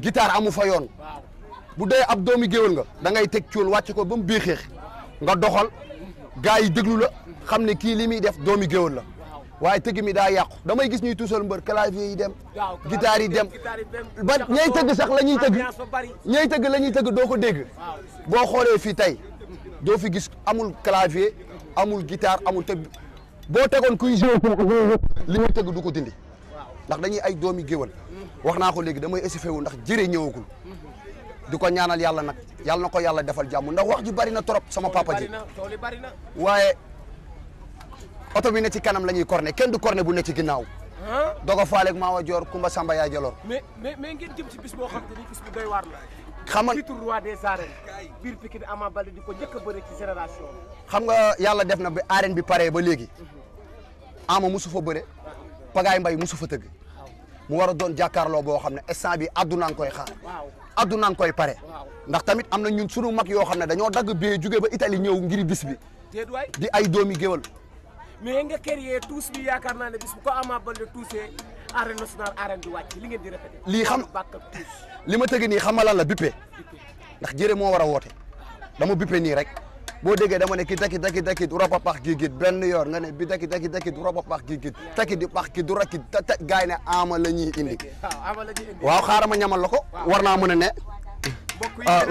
gitaar amu fa yoon bu dee ab doomi géwél nga da ngay teg cóol wàcc ko ba mu béexeex nga doxal gars yi déglu la xam ne kii li muy def doomi géwél la waaye tëgg mi daa yàqu damay gis ñuy tuusal mbër clavier yi dem guitare yi dem ba ñay tëgg sax la ñuy tëgg ñay tëgg la ñuy tëgg doo ko dégg boo xoolee fii tey doo fi gis amul clavier amul guitare amul tëgg boo tegoon kuy joué li muy tëgg du ko dindi ndax dañuy ay doomi géwél wax naa ko léegi damay échauffé wu ndax jëre ñëwagul du ko ñaanal yàlla nag yàlla na ko yàlla defal jàmm ndax wax ji bari na trop sama papa ji waaye oto bi ne ci kanam la ñuy corné kenn du corné bu ne ci ginnaaw dogo faale ak Maawa Joor Kumba Samba yaa jaloor mais mais ngeen jëm ci bis boo xam te ni bis bu des arènes biir Pikine Ama Baldé di ko njëkk a bëre ci génération xam nga yàlla def na bi arène bi paree ba léegi Ama musu fa bëre Pagaay Mbay musu fa tëgg mu war a doon jàkkaarloo boo xam ne instant bi addunaan koy xaar addunaan koy pare ndax tamit am na ñun sunu mag yoo xam ne dañoo dagg bee jugee ba Italie ñëw ngir bis bi di ay doomi géwal mais nga créé tous bi yaakaar naa ne bis ko Ama Baldé tuusee arène nationale arène di wàcc li ngeen di lii xam li ma tëgg nii xamalan la bippe ndax jëre moo war a woote dama bippe nii rek boo déggee dama ne ki takki takki takki du rapa pax gigit benn yoor nga ne bi takki takki takki du rapa pax gigit takki di pax ki du rakki ta gaay ne ama la ñuy indi waaw xaaral ma ñamal la ko war naa mën a ne mbokk yi ah.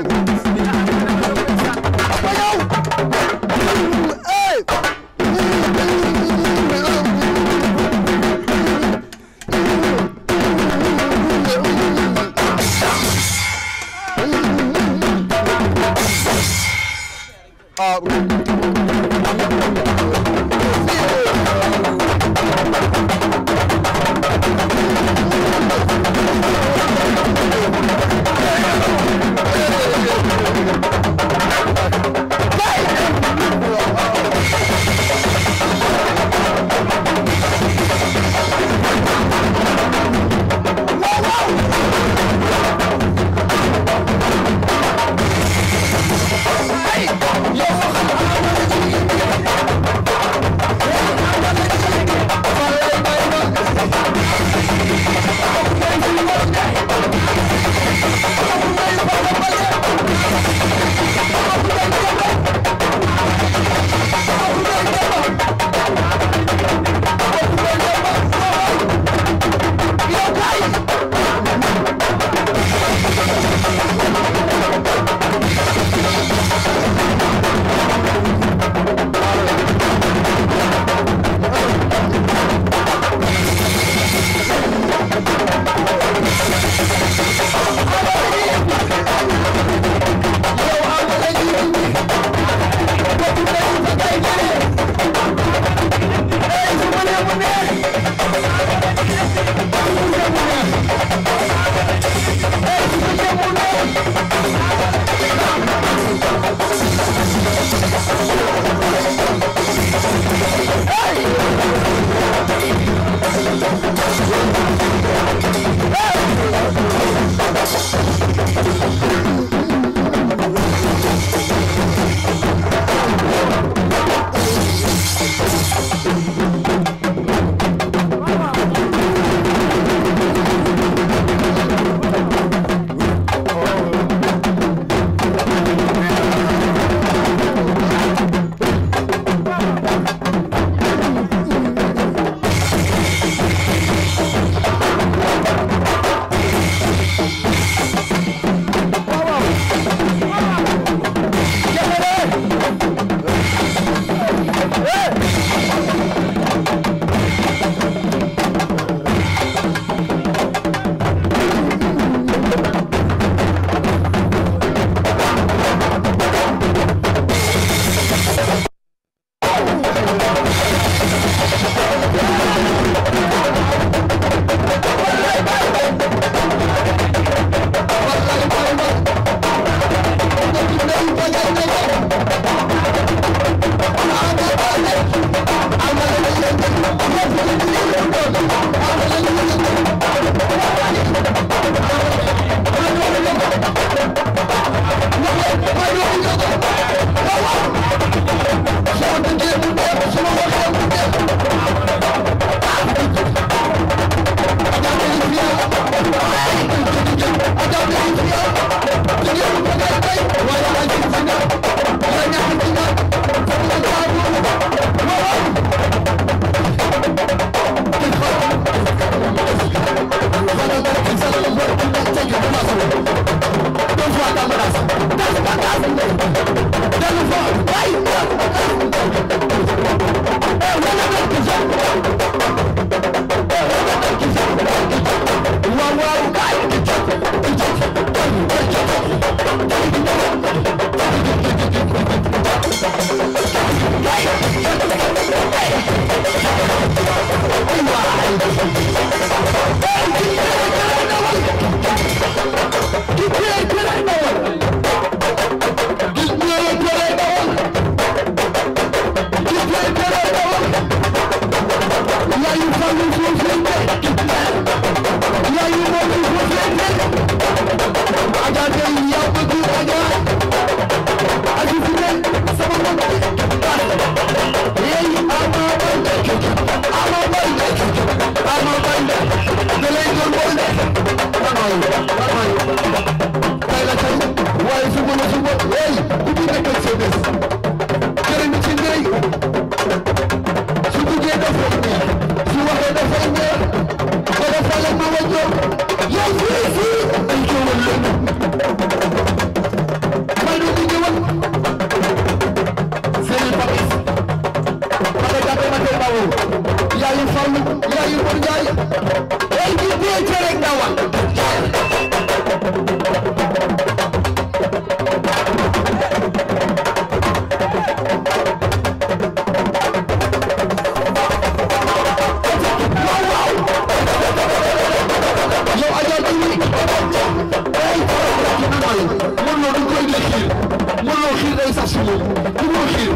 mënoo xiir day sax suñu mënoo xiir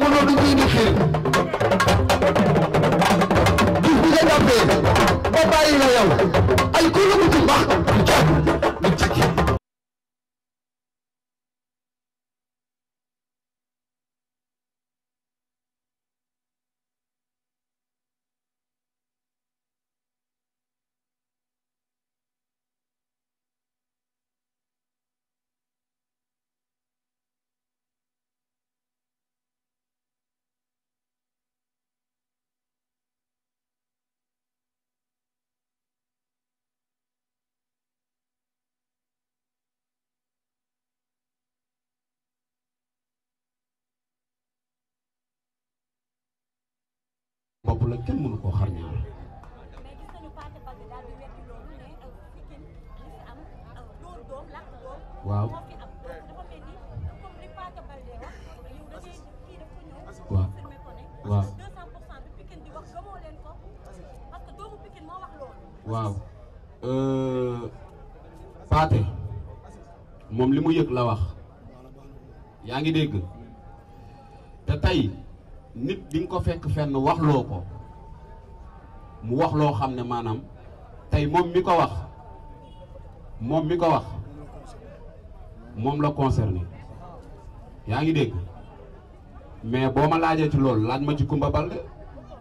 mënoo du ñu indi xiir bis bi nga jàppee ba bàyyi la yow ay kuréel gu ci mbax jàpp boobu koo xar ñaar euh, euh, waaw waaw euh, moom li mu yëg la wax yaa ngi dégg te tey nit di nga ko fekk fenn waxloo ko mu wax loo xam ne maanaam tey moom mi ko wax moom mi ko wax moom la concerné yaa ngi dégg mais boo ma laajee ci loolu laaj ma ci Kumba Balde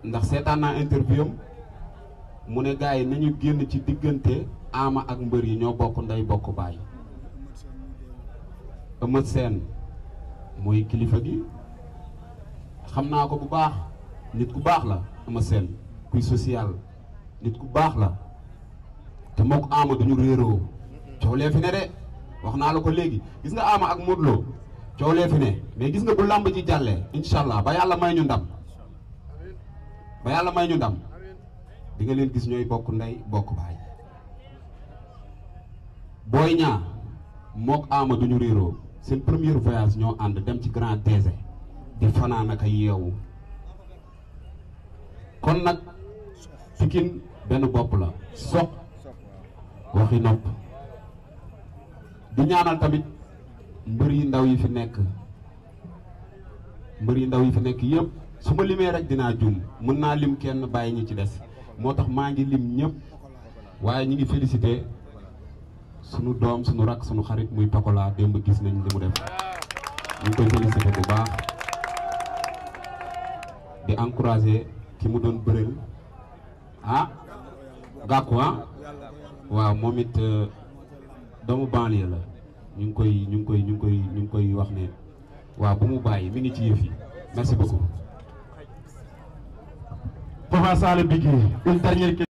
ndax seetaan naa interview mu ne gars yi nañu génn ci diggante aama ak mbër yi ñoo bokk ndey bokk baay Eumeu Sène mooy kilifa gi xam naa ko bu baax nit ku baax la ama seen kuy social nit ku baax la te mook Ama duñu réeroo coow lee fi ne de wax naa la ko léegi gis nga Ama ak Modou Lo coow lee fi ne mais gis nga bu làmb ji jàllee incha allah ba yàlla may ñu ndam ba yàlla may ñu ndam di nga leen gis ñooy bokk ndey bokk baay booy ñaa mook Ama duñu réeroo seen première voyage ñoo ànd dem ci grand désert di fanaan ak yeewu kon nag Pikine benn bopp la soq waxi nopp di ñaanal tamit mbër yi ndaw yi fi nekk mbër yi ndaw yi fi nekk yëpp su ma limee rek dinaa juum mën naa lim kenn bàyyi ñu ci des moo tax maa ngi lim ñëpp waaye ñi ngi félicité sunu doom sunu rak sunu xarit muy Pokola démb gis nañ li mu def ñu koy félicité bu baax di encourager ki mu doon bëreel ah gàkku ah? waaw moom it euh, doomu banlieue la ñu ngi koy ñu ngi koy ñu ngi koy ñu ngi koy wax ne waaw bu mu bàyyi mi ngi ci yëf yi merci beaucoup. Papa Sall Bigui une dernière